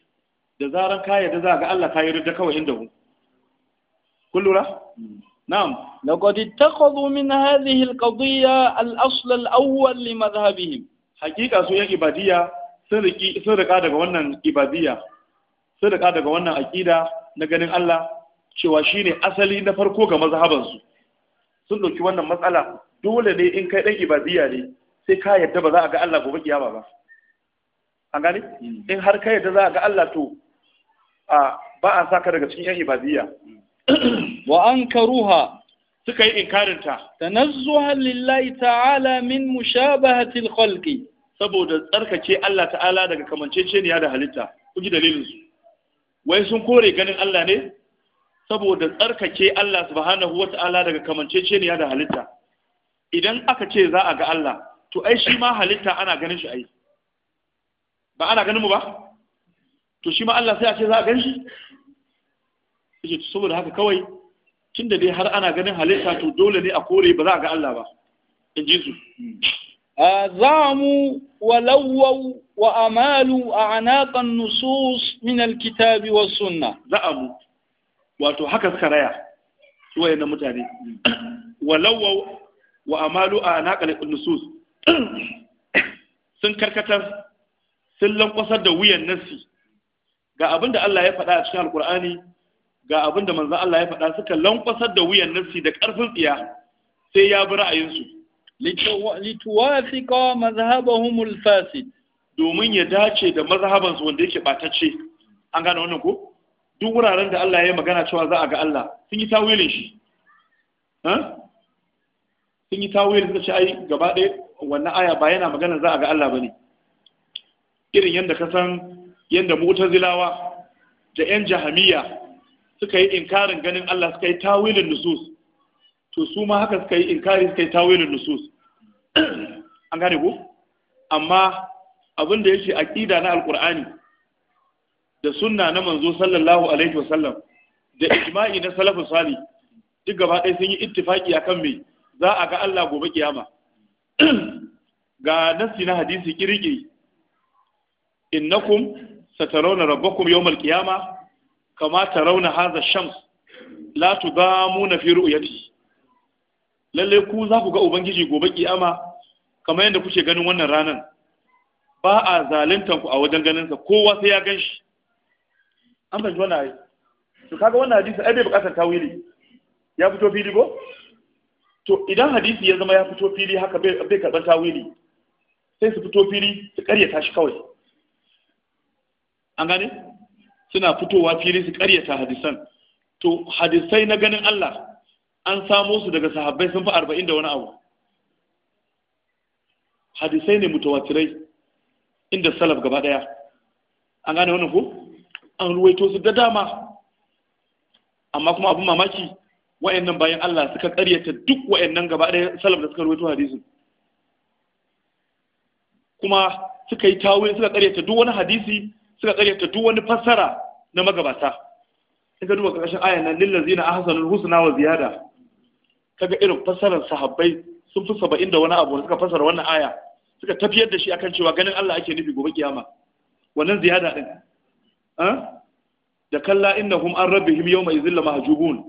da zaran ka yarda za ga Allah ka yarda kawai inda hu kun lura na'am laqad ittakhadhu min hadhihi al-qadiyya al-asl li hakika su yan ibadiyya sun rika daga wannan ibadiyya sun rika daga wannan aƙida na ganin Allah cewa shi ne asali na farko ga mazhabansu sun ɗauki wannan matsala dole ne in kai ɗan ibadiyya ne sai ka yadda ba za a ga Allah gobe kiyama ba an gane hmm. in har ka yadda za a ga Allah to a ba a saka daga cikin yan ibadiyya wa karuha suka yi inkarinta tanazzuhan lillahi ta'ala min mushabahatil khalqi saboda tsarkake Allah ta'ala daga kamanceceniya da halitta Kuji dalilin su wai sun kore ganin Allah ne saboda tsarkake Allah subhanahu wata'ala daga kamanceceniya da halitta idan aka ce za a ga Allah to ai shi ma halitta ana ganin shi ai ba ana ganin mu ba to shi ma Allah sai a ce za a gan shi saboda haka kawai tun da dai har ana ganin halitta to dole ne a kore ba za a ga Allah ba in ji su zamu walawwaw wa amalu a anakan nusus min alkitabi was sunna mu wato haka suka raya su na mutane Walawau wa amalu a anakan nusus sun karkatar sun lankwasar da wuyan nasi ga abin da Allah ya faɗa a cikin alkur'ani ga abin da manzan Allah ya faɗa suka lankwasar da wuyan nafsi da ƙarfin tsiya sai ya bi ra'ayinsu. Lituwafiƙa mazhabahumul fasid. Domin ya dace da mazhabansu wanda yake ɓatacce. An gane wannan ko? Duk wuraren da Allah ya magana cewa za a ga Allah sun yi tawilin shi. Sun yi tawilin ai gaba ɗaya wannan aya ba yana magana za a ga Allah ba ne. Irin yadda ka san yadda mutazilawa da 'yan jahamiya suka yi inkarin ganin Allah suka yi tawilin nusus to su ma haka suka yi inkari suka yi tawilin nusus <clears throat> an gane ku amma abin da yake aqida na alqur'ani da sunna na manzo sallallahu alaihi wasallam da ijma'i na salafu sali duk gaba ɗaya sun yi ittifaki akan me za a ga Allah gobe kiyama <clears throat> ga nasi na hadisi kirki innakum satarawna rabbakum yawmal qiyamah kama tarawna hadha shams la tudamuna fi ru'yati lalle ku za ku ga ubangiji gobe kiyama kamar yadda kuke ganin wannan ranan ba a zaluntan ku a wajen ganin sa kowa sai ya ganshi an fahimci wannan ayi to kaga wannan hadisi ai bai bukatar tawili ya fito fili ko to idan hadisi ya zama ya fito fili haka bai karɓar tawili sai su fito fili su karyata shi kawai an gane suna fitowa fili su karyata hadisan to hadisai na ganin Allah an samo su daga sahabbai sun fi arba'in da wani abu hadisai ne mutawatirai inda salaf gaba daya an gane wannan ko an ruwaito su da dama amma kuma abin mamaki nan bayan Allah suka karyata duk nan gaba daya salaf da suka ruwaito hadisin kuma suka yi tawil suka karyata duk wani hadisi suka karyata duk wani fassara na magabata in ka duba ƙarshen ayan nan lillazina ahsanul husna wa ziyada kaga irin fassarar sahabbai sun fi saba'in da wani abu suka fassara wannan aya suka tafiyar da shi akan cewa ganin Allah ake nufi gobe kiyama wannan ziyada din ah? da kalla innahum an rabbihim yawma idhil la mahjubun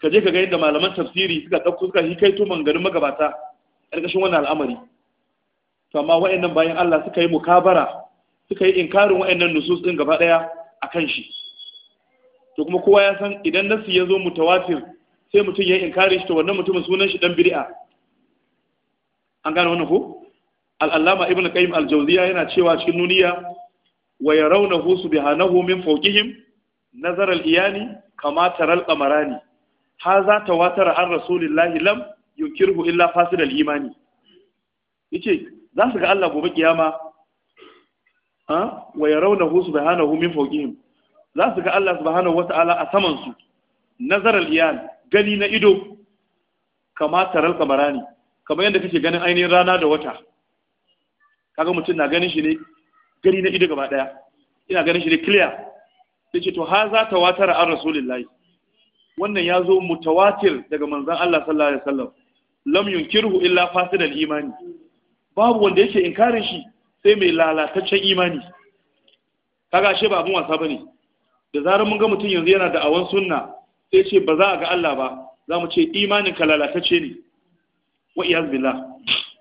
ka je ka ga yadda malaman tafsiri suka dauko suka hikaito mangarin magabata kashin wannan al'amari to amma wa'annan bayan Allah suka yi mukabara suka yi inkarin wa'annan nusus din gaba daya akan shi to kuma kowa ya san idan nasu ya zo mutawatir sai mutum ya inkarin shi to wannan mutumin sunan shi dan biri'a. an gane wannan ko al-allama ibnu qayyim al-jawziya yana cewa cikin nuniya wa yarawnahu subhanahu min fawqihim nazar al-iyani kama taral qamarani ta tawatara an rasulillahi lam yunkirhu illa fasidar imani yace za su ga Allah gobe kiyama wa hu subhanahu min fawqihim za su ga Allah subhanahu wata'ala a saman su nazar al-iyan gani na ido kama taral kamarani kamar yadda kake ganin ainihin rana da wata kaga mutum na ganin shi ne gani na ido gaba daya ina ganin shi ne clear sai ce to ha za ta watar an rasulullahi wannan ya zo mutawatir daga manzon Allah sallallahu alaihi wasallam lam yunkirhu illa fasidal imani babu wanda yake inkarin shi sai mai lalataccen imani kaga shi ba abun wasa bane da zarar mun ga mutum yanzu yana da awan sunna sai ce ba za a ga Allah ba za mu ce imanin ka lalatacce ne wa iyaz billah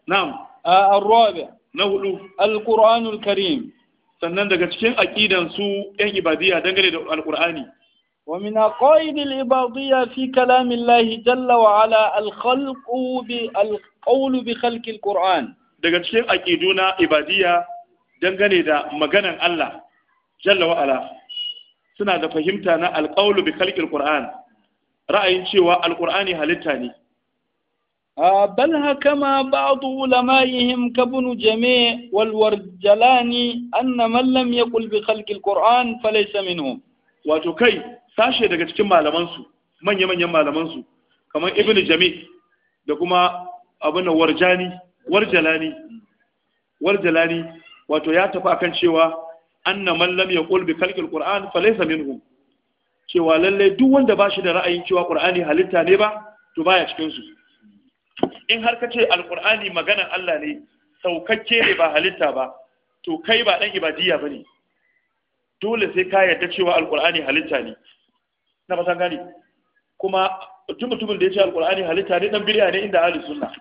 na'am ar-rabi na hudu al-qur'anul karim sannan daga cikin aqidan su yan ibadiya dangane da al-qur'ani ومن عقائد العبادية في كلام الله جل وعلا الخلق بالقول daga cikin aƙidu na ibadiyya dangane da maganan Allah jalla wa'ala suna da fahimta na alƙawlu bi khalqil ra'ayin cewa Alƙur'ani halitta ne bal hakama ba'd ulama'ihim kabun jami' wal warjalani anna man lam yaqul bi khalqil qur'an falaysa minhum wato kai sashe daga cikin malaman su manya manyan malaman su kamar ibnu jami' da kuma abun warjani warjalani warjalani wato ya tafi akan cewa anna man lam yaqul bi khalqil qur'an fa laysa minhum cewa lalle duk wanda ba shi da ra'ayin cewa qur'ani halitta ne ba to baya cikin su in har ka kace alqur'ani maganan Allah ne saukakke ne ba halitta ba to kai ba dan ibadiyya bane dole sai ka yarda cewa alqur'ani halitta ne na gani kuma mutum mutumin da ya ce alqur'ani halitta ne dan birya ne inda ahli sunna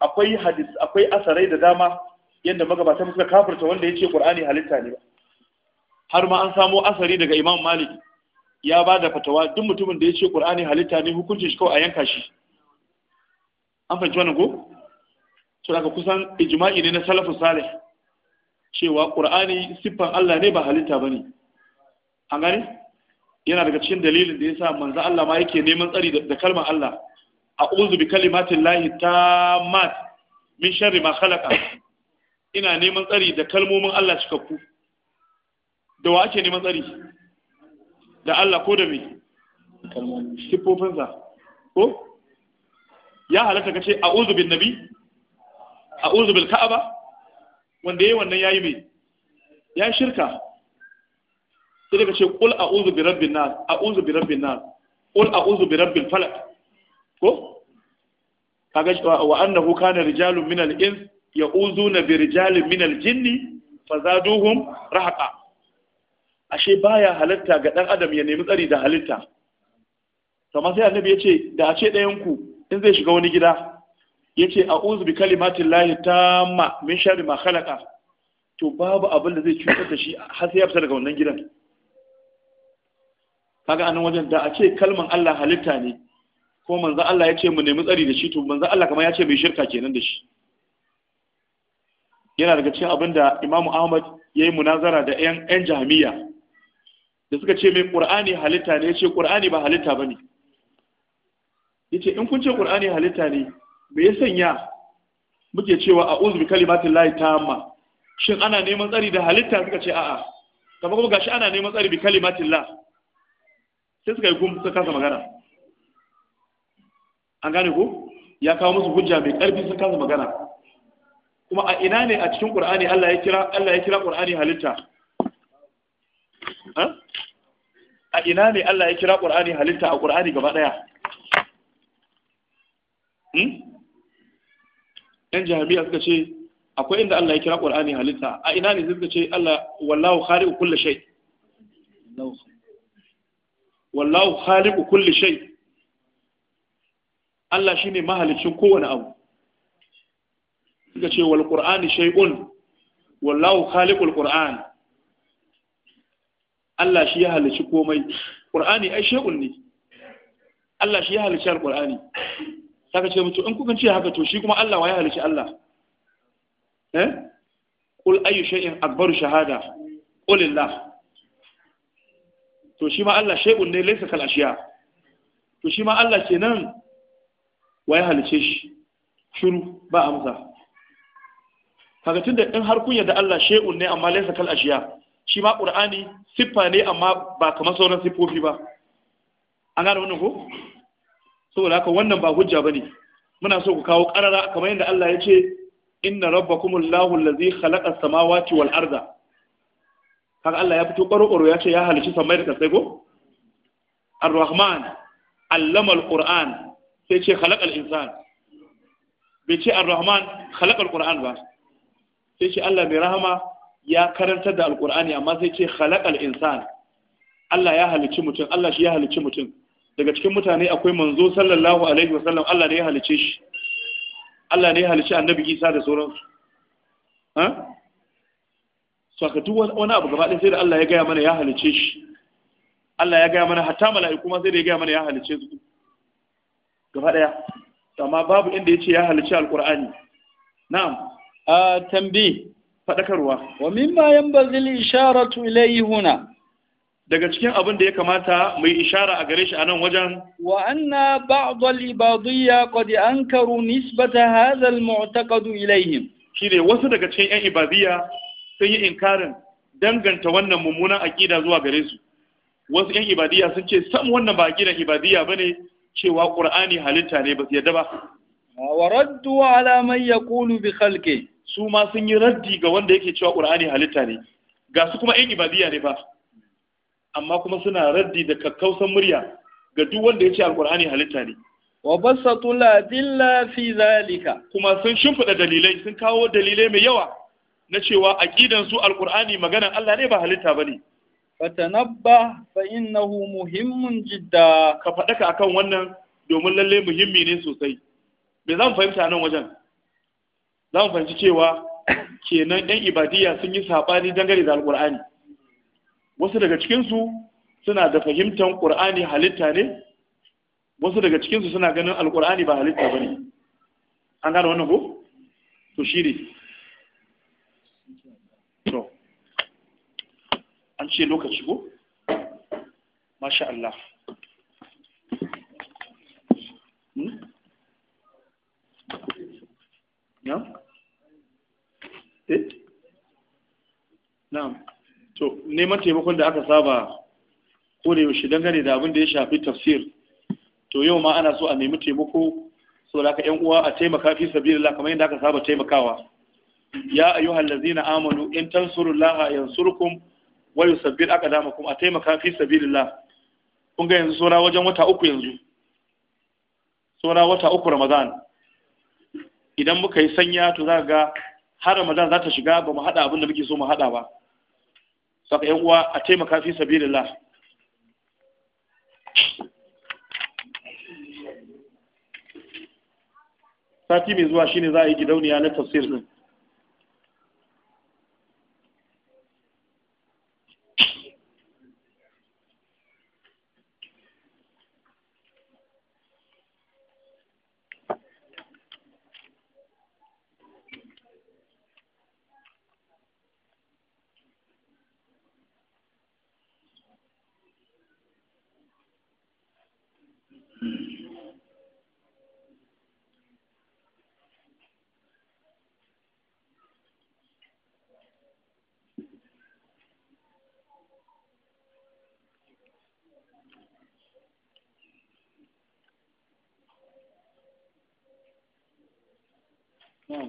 akwai hadis akwai asarai da dama yadda magabata suka kafirta wanda ya ce qur'ani halitta ne ba har ma an samo asari daga imam malik ya ba da fatawa duk mutumin da ya ce qur'ani halitta ne hukuncin shi kawai a yanka shi an fahimci wannan ko to daga kusan ijma'i ne na salafus salih cewa ƙur'ani siffan Allah ne ba halitta bane an gane yana daga cikin dalilin da ya yasa manzo Allah ma yake neman tsari da kalmar Allah a'udhu bi kalimatin lahi tammat min sharri ma khalaqa ina neman tsari da kalmomin Allah cika ku. da wa ake neman tsari da Allah ko da me sifofinsa ko ya halatta ka ce a'udhu bin nabi a'udhu bil ka'aba wanda yayi wannan yayi me ya shirka sai daga ce qul a'udhu bi rabbin nas a'udhu bi rabbin nas qul a'udhu bi rabbil falaq ko kaga wa annahu kana rijalun min al-ins ya'uzuna bi rijalin min al-jinn fazaduhum rahqa ashe baya halitta ga dan adam ya nemi tsari da halitta kamar sai annabi yace da a ce ɗayan ku in zai shiga wani gida yace a'udhu bi kalimatin lahi tamma min sharri ma khalaqa to babu abin da zai cutar da shi har sai ya fita daga wannan gidan kaga anan wajen da a ce kalman Allah halitta ne ko manzo Allah ya ce mu nemi tsari da shi to manzo Allah kamar ya ce mai shirka kenan da shi yana daga cikin abinda Imam Ahmad ya yi munazara da ƴan ƴan Jahmiya da suka ce mai Qur'ani halitta ne ya ce Qur'ani ba halitta bane yace in kun ce Qur'ani halitta ne me ya sanya muke cewa a'udhu bi lahi tamma shin ana neman tsari da halitta suka ce a'a kamar kuma gashi ana neman tsari bi lahi sai suka yi gum suka kasa magana an gane ku? ya kawo musu hujja mai karfi sun kasa magana kuma a ina ne a cikin qur'ani Allah ya kira Allah ya kira qur'ani halitta a ina ne Allah ya kira qur'ani halitta a qur'ani gaba daya hmm? yan jami'a suka ce akwai inda Allah ya kira qur'ani halitta a ina ne suka ce Allah wallahu khaliqu kulli shay wallahu khaliqu kulli shay Allah shi ne mahalicin kowane abu suka ce wal ƙur'ani shay'un wallahu khaliqul ƙur'an, Allah shi ya halici komai Ƙur'ani ai shai'un ne Allah shi ya halici alƙur'ani. saka ce mutu in kuka ce haka to shi kuma Allah wa ya halici Allah eh qul ayu shay'in akbaru shahada qulillah to shi ma Allah shai'un ne laysa kal ashiya to shi ma Allah kenan waye halice shi shiru ba amsa kaga tunda in har kun yarda Allah shay'un ne amma laysa kal ashiya shi ma qur'ani siffa ne amma ba kamar sauran siffofi ba an gane wannan ko saboda haka wannan ba hujja bane muna so ku kawo karara kamar yadda Allah ya ce inna rabbakumul Allahu allazi khalaqa samawati wal arda kaga Allah ya fito ƙwaro ya ce ya halici samai da kasai ko ar-rahman allama al-qur'an sai ce khalaqal insan bai ce ar-rahman khalaqal qur'an ba sai ce Allah mai rahama ya karantar da alqur'ani amma sai ce khalaqal insan Allah ya halicci mutum Allah shi ya halicci mutum daga cikin mutane akwai manzo sallallahu alaihi wasallam Allah ne ya halicce shi Allah ne ya halice annabi Isa da sauransu ha saka duk wani abu gaba ɗaya sai da Allah ya gaya mana ya halicce shi Allah ya gaya mana hatta mala'iku ma sai da ya gaya mana ya halicce su gaba ɗaya. amma babu inda yace ya halici alqur'ani na'am a tambi fadakarwa wa mimma yanbaghi isharatu ilayhi huna daga cikin abin da ya kamata mai ishara a gare shi a nan wajen wa anna ba'd al-ibadiyya qad ankaru nisbata hadha al-mu'taqad ilayhim shine wasu daga cikin yan ibadiyya sun yi inkarin danganta wannan mummunan aqida zuwa gare su wasu yan ibadiyya sun ce san wannan ba aqidan ibadiyya bane cewa qur'ani halitta ne ba su yadda ba wa raddu ala man yaqulu bi khalqi su ma sun yi raddi ga wanda yake cewa qur'ani halitta ne ga su kuma yan ibadiya ne ba amma kuma suna raddi da kakkausan murya ga duk wanda ya ce al'kur'ani halitta ne wa basatu dilla fi zalika kuma sun shimfida dalilai sun kawo dalilai mai yawa na cewa aqidan su alqur'ani maganan Allah ne ba halitta ne. fatanabba fa innahu muhimmun jidda ka faɗaka akan wannan domin lalle muhimmi ne sosai me zan fahimta nan wajen zan fahimci cewa kenan yan ibadiyya sun yi sabani dangane da alqur'ani wasu daga cikin suna da fahimtar ƙur'ani halitta ne wasu daga cikin suna ganin alqur'ani ba halitta bane an gane wannan ko to shi ne. an ce lokaci ko masha Allah hmm? ya eh na'am to neman taimakon da aka saba ko da yaushe dangane da abin da ya shafi tafsir to yau ma ana so a nemi taimako saboda ka yan uwa a taimaka fi sabilillah kamar yadda aka saba taimakawa ya ayyuhallazina amanu in tansurullaha yansurkum aka dama kuma a taimaka fi sabilillah kun ga yanzu sora wajen wata uku yanzu sora wata uku ramadan idan muka yi sanya to za ga har ramadan za ta shiga ba mu hada abin da muke so mu hada ba saka yan uwa a taimaka fi sabilillah sati mai zuwa shine za a yi gidauniya na tafsir din hmm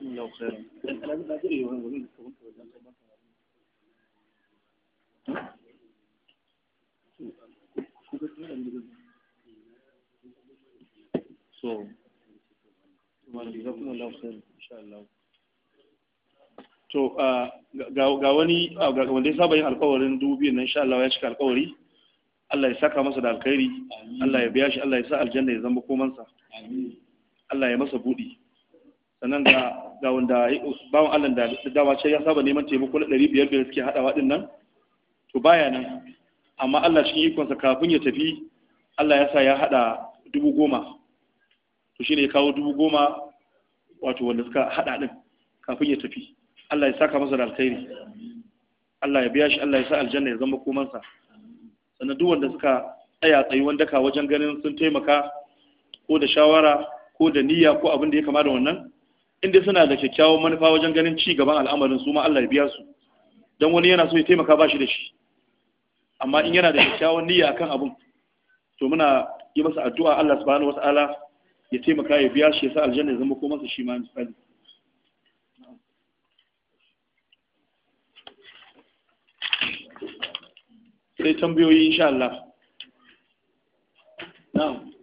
so to ga wani wanda ya saba yin alkawarin dubiyan nan insha Allah ya cika alkawari Allah ya saka masa da alkhairi Allah ya biya shi Allah ya sa aljanna ya zama komansa Allah ya masa budi sannan ga ga wanda bawan Allah da dama ce ya saba neman taimako na ɗari biyar biyar suke haɗawa ɗin nan to baya nan amma Allah cikin ikonsa kafin ya tafi Allah ya sa ya haɗa dubu goma to shine ya kawo dubu goma wato wanda suka haɗa ɗin kafin ya tafi Allah ya saka masa da alkhairi Allah ya biya shi Allah ya sa aljanna ya zama komansa sannan duk wanda suka tsaya tsayuwan daka wajen ganin sun taimaka ko da shawara ko da niyya ko abin da ya kama da wannan inda suna da kyakkyawan manufa wajen ganin ci gaban al'amarin su ma Allah ya biya su don wani yana so ya taimaka ba shi da shi amma in yana da kyakkyawan niyya akan abun to muna yi masa addu'a Allah subhanahu wata'ala ya taimaka ya biya shi ya sa aljanna ya zama ko masa shi ma misali sai tambayoyi insha Allah na'am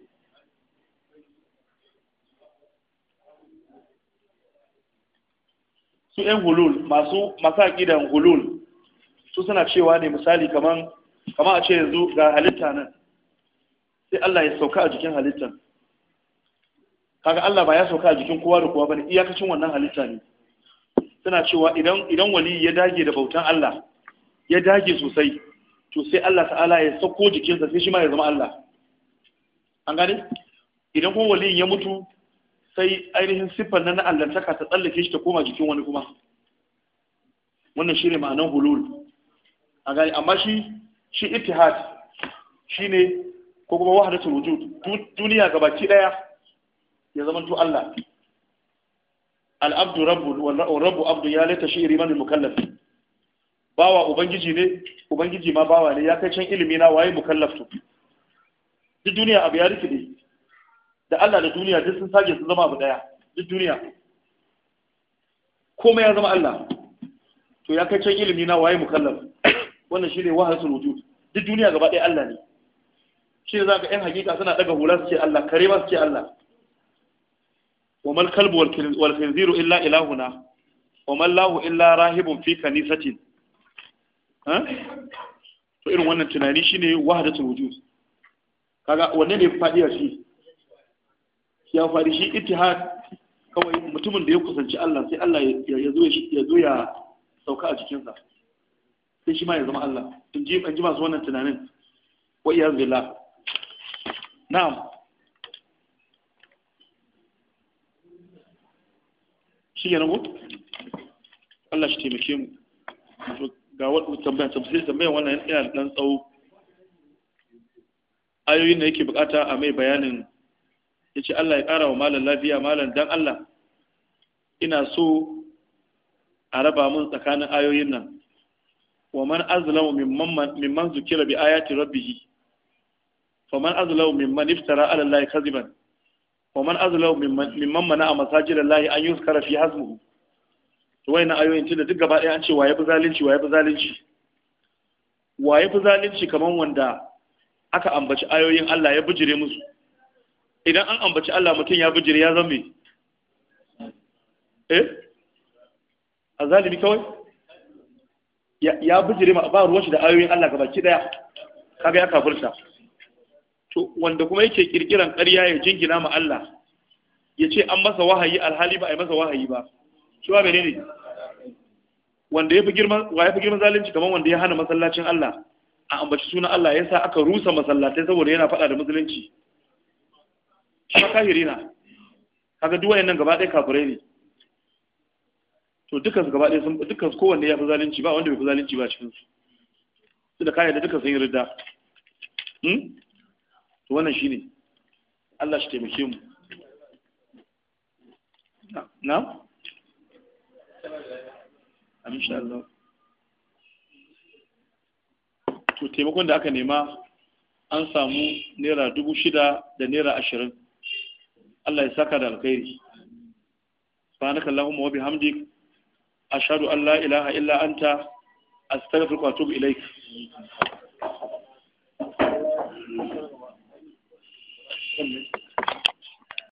su yan hulul masu masu aqidan hulul su suna cewa ne misali kaman kama a ce yanzu ga halitta nan sai Allah ya sauka a jikin halitta kaga Allah ba ya sauka a jikin kowa da kowa ba ne iyakacin wannan halitta ne suna cewa idan idan wali ya dage da bautan Allah ya dage sosai to sai Allah ta'ala ya sauko jikinsa sai shi ma ya zama Allah an gane idan kuma waliyin ya mutu sai ainihin siffar na allantaka ta tsallake shi ta koma jikin wani kuma wannan shi ne ma'anan hulul a gani amma shi shi ittihad shi ne ko kuma wahadatul wujud duniya gabaki daya ya zama to Allah al-abdu rabbu wal rabbu abdu ya laita shi riman mukallaf bawa ubangiji ne ubangiji ma bawa ne ya kai can ilimi na waye mukallaf to duk duniya abu ya rikide da Allah da duniya duk sun sake su zama abu daya duk duniya komai ya zama Allah to ya kai can ilimi na waye mukallaf <coughs> wannan shine wahasul wujud duk duniya gaba ɗaya Allah ne shi ne zaka yan hakika suna daga hula su ce Allah kare ma su ce Allah wa mal kalbu wal khinziru illa ilahuna wa mal lahu illa rahibun fi kanisatin ha to irin wannan tunani shine wahdatul wujud kaga wanne ne fadiya shi ya faru shi ittihad kawai mutumin da ya kusanci Allah sai Allah ya zo ya zo ya sauka a jikinsa sai shi ma ya zama Allah in ji an ji masu wannan tunanin wa iyaz billah na'am shi ne ko Allah shi taimake mu ga wata tambaya tambayar tambaya wannan yana dan tsawo ayoyin da yake bukata a mai bayanin ya ce Allah ya ƙara wa malam lafiya malam dan Allah ina so a raba mun tsakanin ayoyin nan wa man azlamu mimman zukira bi ayati rabbihi fa man azlamu mimman iftara ala Allah kaziban wa man azlamu mimman mana a masajid Allah an yuskara fi hazmuhu to wayannan ayoyin tunda duk gaba ɗaya an ce waye fi zalunci waye fi zalunci waye fi zalunci kaman wanda aka ambaci ayoyin Allah ya bijire musu idan an ambaci Allah mutum ya bijire ya zama eh a zalimi kawai ya bijire ma ba ruwan shi da ayoyin Allah gabaki daya kaga ya kafirta to wanda kuma yake kirkiran ƙarya ya jingina ma Allah ya ce an masa wahayi alhali ba a yi masa wahayi ba shi ba menene wanda ya fi girman wa ya fi girman zalunci kamar wanda ya hana masallacin Allah a ambaci sunan Allah yasa aka rusa masallatai saboda yana faɗa da musulunci shi kafiri na kaga duk wayannan gaba ɗaya kafirai ne to dukkan su gaba ɗaya sun dukkan kowanne ya fi zalunci ba wanda bai fi zalunci ba cikin su su da kayan da dukkan sun yi hmm to wannan shine Allah shi taimake mu na amin sha Allah to taimakon da aka nema an samu naira dubu shida da naira ashirin Allah ya saka da alkhairi subhanaka allahumma wa bihamdik ashhadu an la ilaha illa anta astaghfiruka wa atubu ilaik Thank you.